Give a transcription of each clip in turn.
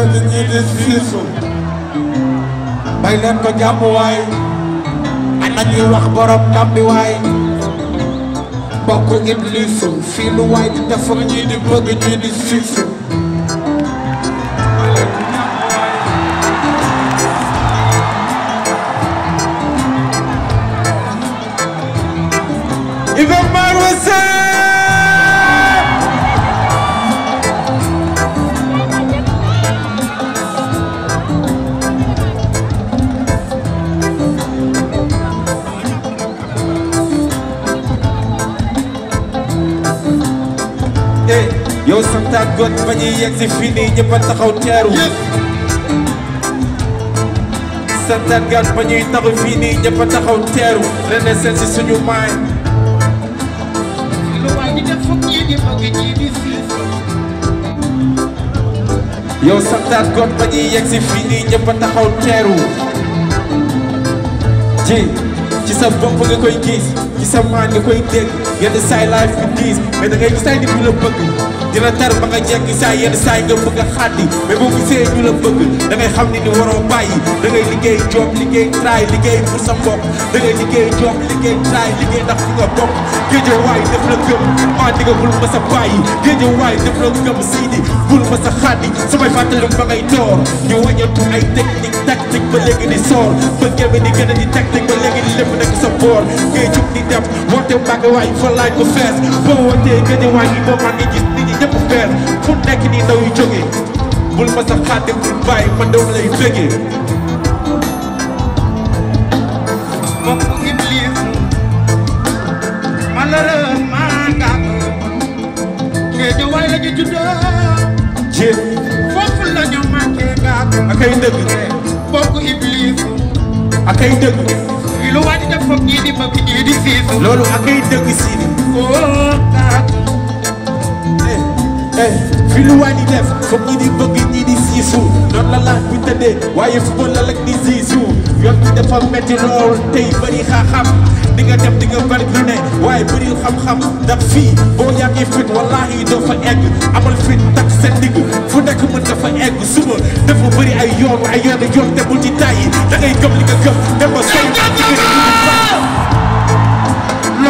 ko te ñii di siisu bay leen ko jàmm waay ana ñuy wax borom Gàmbi waay bokk iblisu di def ak ñii di siisu yow santa got ba ñuy yegg si fii nii ñëpp a taxaw teeru santa got ba ñuy taxaw fii nii ñëpp a taxaw teeru rene suñu maay yow santaat got ba ñuy yegg si fii nii ñëpp a taxaw teeru ji ci sa bopp nga koy gis ci sa maan nga koy dégg yenn saay life bi diis mais da ngay gis ay nit ñu la dina tar ba nga jekk saa yenn saay nga bëgg a xàddi mais boo gisee ñu la bëgg da ngay xam ni ni waroo bàyyi da liggéey job liggéey traay liggéey pour sa mbokk da ngay liggéey job liggéey traay liggéey ndax fu nga bokk géeje waay di la gëm maa ma sa bàyyi géeje waay def la gëm sii di bul ma sa ba ngay door soor bëggee bi di gën a di tactique ba léegi di lépp nekk sa boor ngay jug di dem woote mbàgg waay fa laaj ko fees boo wootee géeje waay yi boo maa ngi gis ñëpp feer fu nekk nii ndaw yu jógee bul ma sax xàtte bul bàyyi ma dama lay bëggee moom mu ngi liir malheureusement ndax géej waay la ñu juddoo jéem foofu la ñu manqué gàtt ak ay dëgg bokk iblis ak ay dëgg lu waaj def foog ñii di bëgg ñii di siis loolu ak ay dëgg siin koo Eh, fi lu waay di def foog i di bëgg ñi di siisu noonu la laaj bi waaye football la lak di siisu yoon bi dafa métti lool tey bëri xaaxam di nga dem di nga bari lu ne waaye bëri xam-xam ndax fii boo yàggee fit wallaahi doo fa egg amal fit tak seen digg fu nekk mën nga fa egg suba dafa bëri ay yoon ay yoon yoon te bul ci tàyyi da ngay gëm li nga gëm dem ba sooy ci nga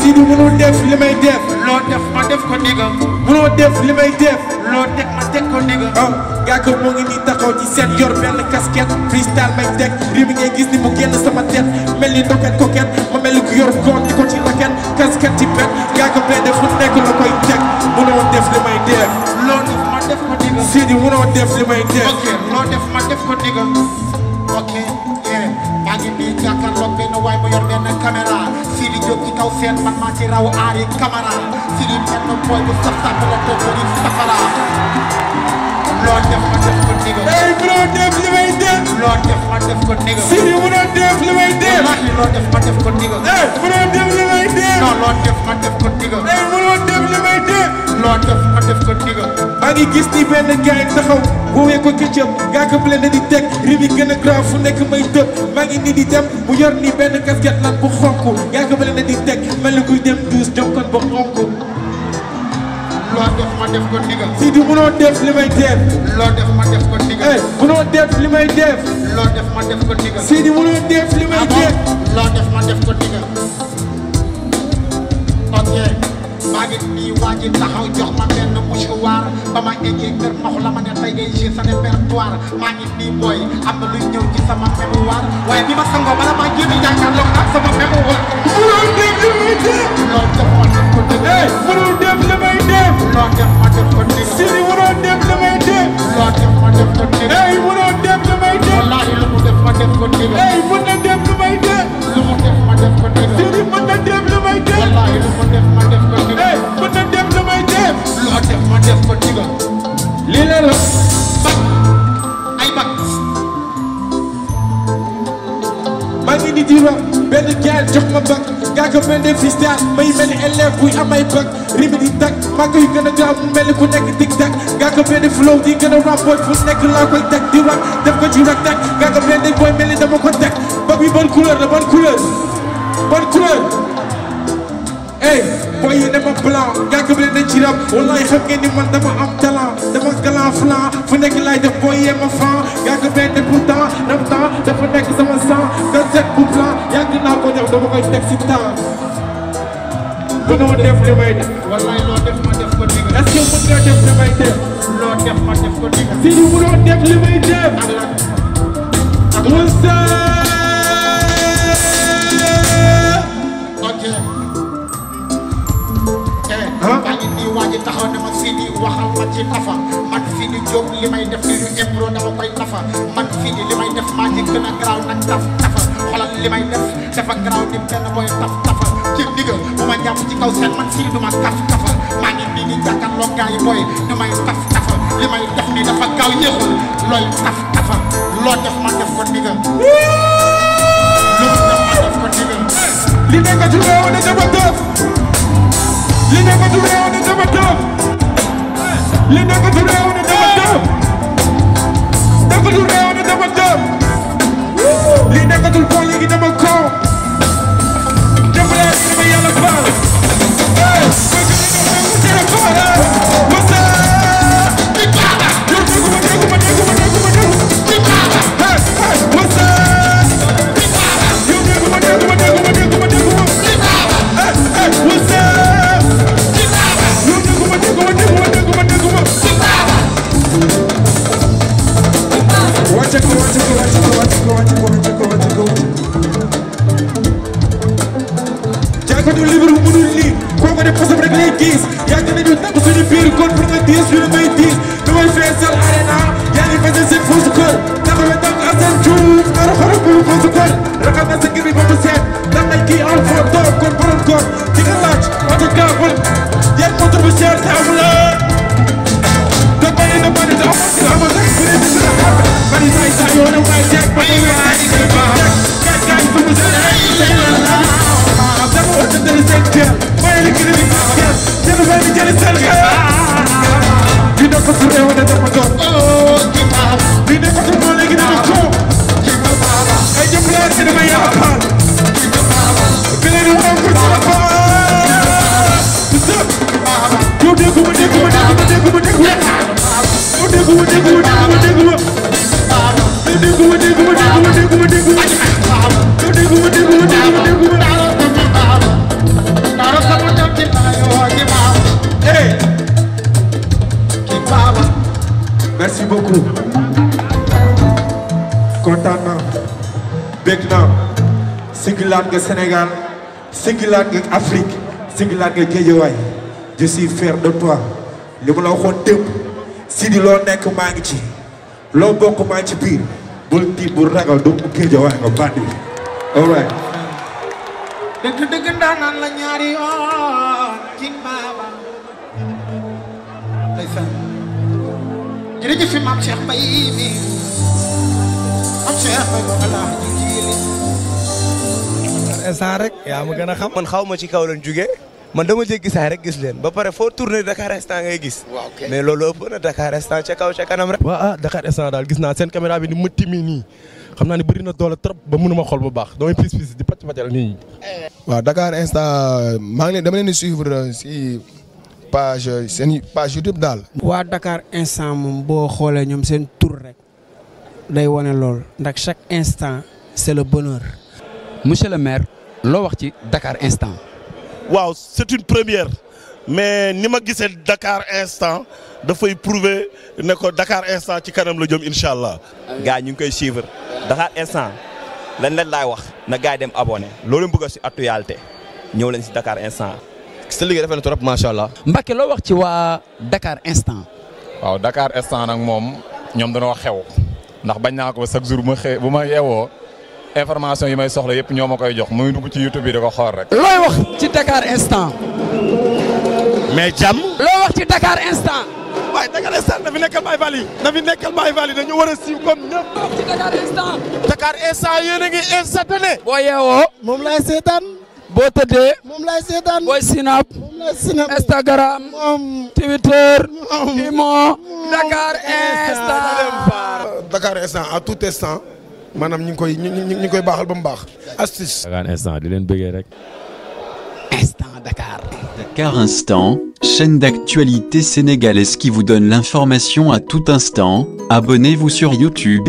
Sidy mënoo def li may def. loo def ma def ko ndiga. li may def. loo teg ma teg ko ndiga. oh Ngaaka moo ngi nii taxaw seet yor benn casquette cristal may teg ri mi ngay gis ni mu génn mel ni ndoket koket mel ni ku yor góor di ko ci raket casquette ci pet Ngaaka bee def fu nekk la koy teg mënoo def li may def. loo def ma def ko ndiga. Sidy def li may def. loo def ma def ko ndiga. ok eh maa ngi nii jàkkaarloog benn waay bu yor benn caméra Sidi Diop ci kaw seen man maa ci raw aari camara Sidi benn boy bu saf saf la toog ko di safara lool def ma def ko ndigal ay bro def li may def lool def ma def ko ndigal Sidi mu doon def li may def wallahi lool def ma def ko ndigal eh mu doon def li may def non lool def ma def ko ndigal eh mu doon def li may def loo def ma maa ngi gis ni benn gaay taxaw woowee ko këccëb gaakab leen na di teg ribi gën a graaw fu nekk may tëb maa ngi ni di dem mu yor ni benn kasket lan bu xonk gaakab leen na di teg mel ni kuy dem duus jokkoon ba xonk loo def ma def ko ndigal si di munoo def li may def loo def ma def ko ndigal eh, li may def loo def ma def ko ndigal si di munoo def li may ah def waajit nii waajit taxaw jox ma benn mouchoir ba ma eggee kër max la ma ne sa répertoire maa ngi am ci sama bi ma bala maa jéem a ak sama mémoire mënoo def li may def loo def demi def ko dëgg demi, universitaire may mel ni élève buy am ay bac rime di tag maa koy gën a gaaw mu mel ni ku nekk tic tac ngaa ko benn flow di gën a rap booy fu nekk laa koy teg di rap def ko ci rek teg ngaa ko benn booy mel ni dama ko teg ba bi bonne couleur la bonne couleur bonne couleur ey boy yi dama blanc ngaa ko benn ci rap wallaay xam ngeen ni man dama am talent dama galant flan fu nekk laay def booy yee ma fan ngaa ko benn pourtant nam temps dafa nekk dama koy teg si temps mënoo def damay def. wallaay loo def ma def ko dégg. est-ce que mën nga def damay def. loo def ma def ko dégg. si ñu mënoo def li may def. ak lan ak Lima gaa ngi nii waaji taxaw ne ma fii di waxal ma ci nafa man fii di jóg li may def li ñu impro dama koy nafa man fii di li may def maa ngi gën a garaaw nag taf tafa xolal li may def dafa garaaw ni benn booy taf tafa ci ndigal bu ma jàpp ci kaw seen man fii di duma taf tafa maa ngi nii di jàkkaarloo gaa yi booy damay taf tafa li may def nii dafa gaaw yéexul looy taf tafa loo def ma def ko ndigal loo def ma def ko ndigal li nekk ci réew dañu ko def li nekk ci réew mi dafa tëf li nekk ci réew mi dafa tëf dëkk ci réew mi dafa tëf li nekk ci جريت الحياة في نفس الريوة دم جور bég na sigilaat nga Sénégal sigilaat nga Afrique sigilaat nga Géejawaay je suis fier de toi li ma la waxoon démb Sidi loo nekk maa ngi ci loo bokk maa ci biir bul tiit bul ragal du Géejawaay nga bandi all instant rek ma gën a xam. man xaw ma ci kaw lañ jugee man dama jéggi saay rek gis leen ba pare foo tourné Dakar instant nga gis. mais loolu ëpp na Dakar instant ca kaw ca kanam rek. waaw ah, Dakar instant daal gis naa seen caméra bi ni mu xam naa ne bëri na doole trop ba mënuma xool bu baax damay pis pis di pàcc pàccal nii. waaw Dakar instant maa ngi leen dama leen di suivre si page seen page YouTube daal. waa Dakar instant moom boo xoolee ñoom seen tour rek. day chaque instant c'est le bonheur. monsieur le maire loo wax ci Dakar instant. Wow, c'est une première mais ni ma Dakar instant dafay prouver ne Dakar instant ci kanam la jëm inshallah. Gagne une ñu ngi koy suivre Dakar instant L'année leen laay wax na gars dem abonné loolu bëgg si actualité ñëw leen si Dakar instant. sa liggéey rafet na trop macha allah. Mbacke loo wax ci Dakar instant. Wow, Dakar instant nag moom ñoom dañoo xew. ndax bañ naa ko chaque jour ma xëy information yi may soxla yëpp ñoo ma koy jox muy dugg ci YouTube bi da ko xool rek. looy wax ci Dakar instant. na fi comme ci Dakar instant. Dakar instant yéen boo yeewoo moom laay seetaan. boo Moumla moom lay sinap. Instagram. Twitter. Imo. Dakar instant. Dakar instant à tout instant. Madame, nous sommes koy ñu koy astuce. Dakar instant Instant Dakar. Dakar Instant, chaîne d'actualité sénégalaise qui vous donne l'information à tout instant. Abonnez-vous sur YouTube